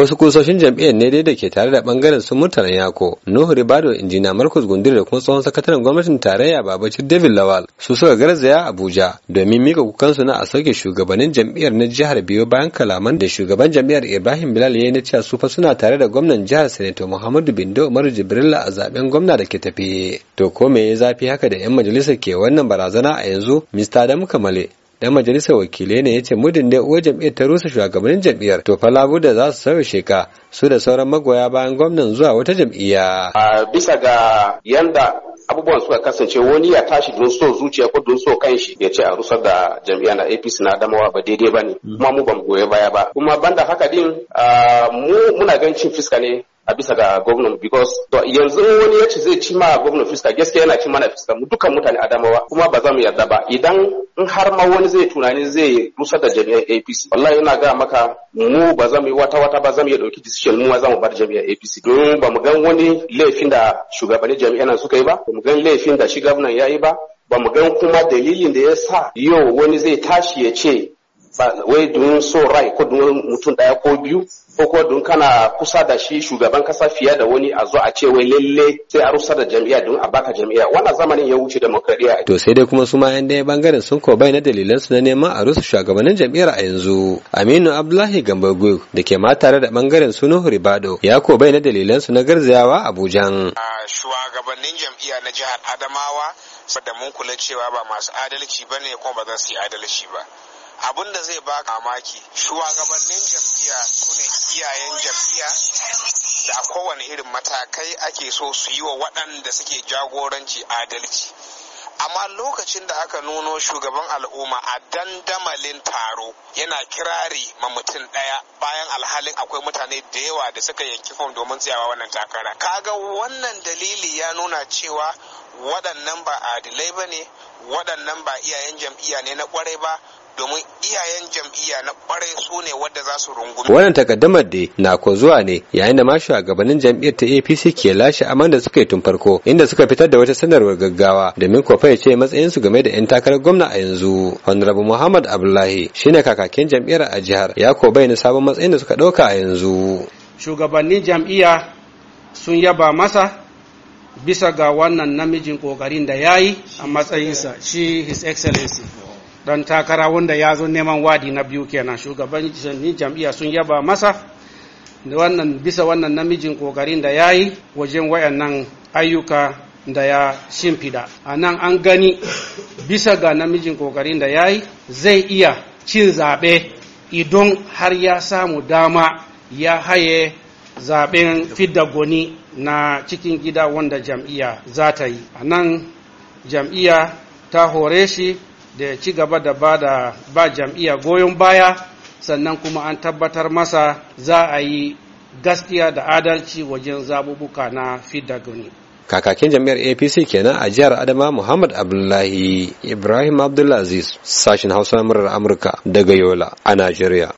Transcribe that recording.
wasu kusoshin jam'iyyar ne dai da ke tare da bangaren su mutanen yako nuhu ribado injina markus gundir da kuma tsohon sakataren gwamnatin tarayya babacir david lawal su suka garzaya abuja domin mika kukansu na a sauke shugabannin jam'iyyar na jihar biyu bayan kalaman da shugaban jam'iyyar ibrahim bilal ya yi na cewa su fa suna tare da gwamnan jihar sanato muhammadu bindo umaru jibrila a zaben gwamna da ke tafiye, to ko me ya zafi haka da yan majalisar ke wannan barazana a yanzu mista adamu kamale dan majalisar wakilai ne ya ce mudin da uwar jam'iyyar ta rusa shugabannin jam'iyyar to fa labuda za su sauya sheka su da sauran magoya bayan gwamnan zuwa wata jam'iyya. bisa ga yanda abubuwan suka kasance wani ya tashi don so zuciya ko don so kanshi ya ce a rusar da jam'iyya na APC na Adamawa ba daidai ba ne, mm. kuma mu bamu goye baya ba kuma banda haka din mu muna ganin cin fiska ne a bisa ga gwamnan because yanzu wani ya ce zai ci ma gwamnan fiska gaskiya yana ci mana fiska mu dukkan mutane adamawa kuma ba za mu yarda ba idan in har ma wani zai tunani zai rusa da jami'ar APC wallahi ina ga maka mu ba za mu yi wata wata ba za mu iya dauki decision mu ma za mu bar jami'ar APC don ba mu gan wani laifin da shugabannin jami'an nan suka yi ba ba mu gan laifin da shi gwamnan ya yi ba ba mu gan kuma dalilin da ya sa yau wani zai tashi ya ce wai don so rai ko don mutum daya ko biyu ko ko don kana kusa da shi shugaban kasa fiye da wani a zo a ce wai lalle sai a rusa da jam'iyya don a baka jam'iyya wannan zamanin ya wuce demokradiya to sai dai kuma su ma yan daya bangaren sun ko na dalilan su na neman a rusa shugabannin jam'iyyar a yanzu Aminu Abdullahi Gambagoy da ke ma tare da bangaren Sunuhu Ribado ya ko na dalilan su na garzayawa Abuja. shugabannin jam'iyya na jihar Adamawa saboda mun kula cewa ba masu adalci bane kuma ba za su yi adalci ba abin da zai baka mamaki shugabannin jam'iya su ne iyayen jam'iyya da a kowane irin matakai ake so su yi wa waɗanda suke jagoranci adalci amma lokacin da aka nuno shugaban al'umma a dandamalin taro yana kirari ma mutum ɗaya bayan alhalin akwai mutane da yawa da suka yanki fom domin tsayawa wannan takara kaga wannan dalili ya nuna cewa waɗannan ba adilai ba ne waɗannan ba iyayen jam'iyya ne na ƙwarai ba domin iyayen jam'iyya na kwarai su ne wadda za su rungumi. Wannan takaddamar da na ko zuwa ne yayin da ma shugabannin jam'iyyar ta APC ke lashe aman da suka yi tun farko inda suka fitar da wata sanarwar gaggawa domin kofa ya ce matsayin su game da yan takarar gwamna a yanzu. Honorable Muhammad Abdullahi shine kakakin jam'iyyar a jihar ya ko bayyana sabon matsayin da suka dauka a yanzu. Shugabannin jam'iyya sun yaba masa bisa ga wannan namijin kokarin da ya yi a matsayinsa shi his excellency dan takara wanda ya zo neman wadi na biyu kenan shugabannin jam'iyya sun yaba masa da wannan bisa wannan namijin kokarin da ya yi wajen wayannan ayyuka da ya shimfida a nan an gani bisa ga namijin kokarin da ya yi zai iya cin zaɓe idan har ya samu dama ya haye zaɓen fidda goni na cikin gida wanda jam'iyya za ta yi a nan jam'iyya ta hore shi da ya ci gaba da ba da ba jam'iyya goyon baya sannan kuma an tabbatar masa za a yi gaskiya da adalci wajen zabubuka na fidda gani. kakakin jami'ar apc kenan a jihar adama muhammad abdullahi ibrahim abdulaziz sashen hausa murar amurka daga yola a najeriya